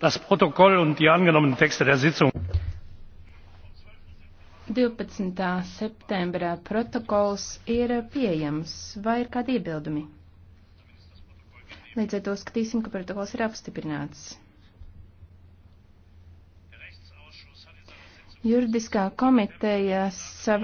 das protokoll und die angenommenen texte der sitzung 12. septembra protokols ir pieejams. Vai ir kādi iebildumi? Līdz ar to skatīsim, ka protokols ir apstiprināts. Juridiskā komiteja savā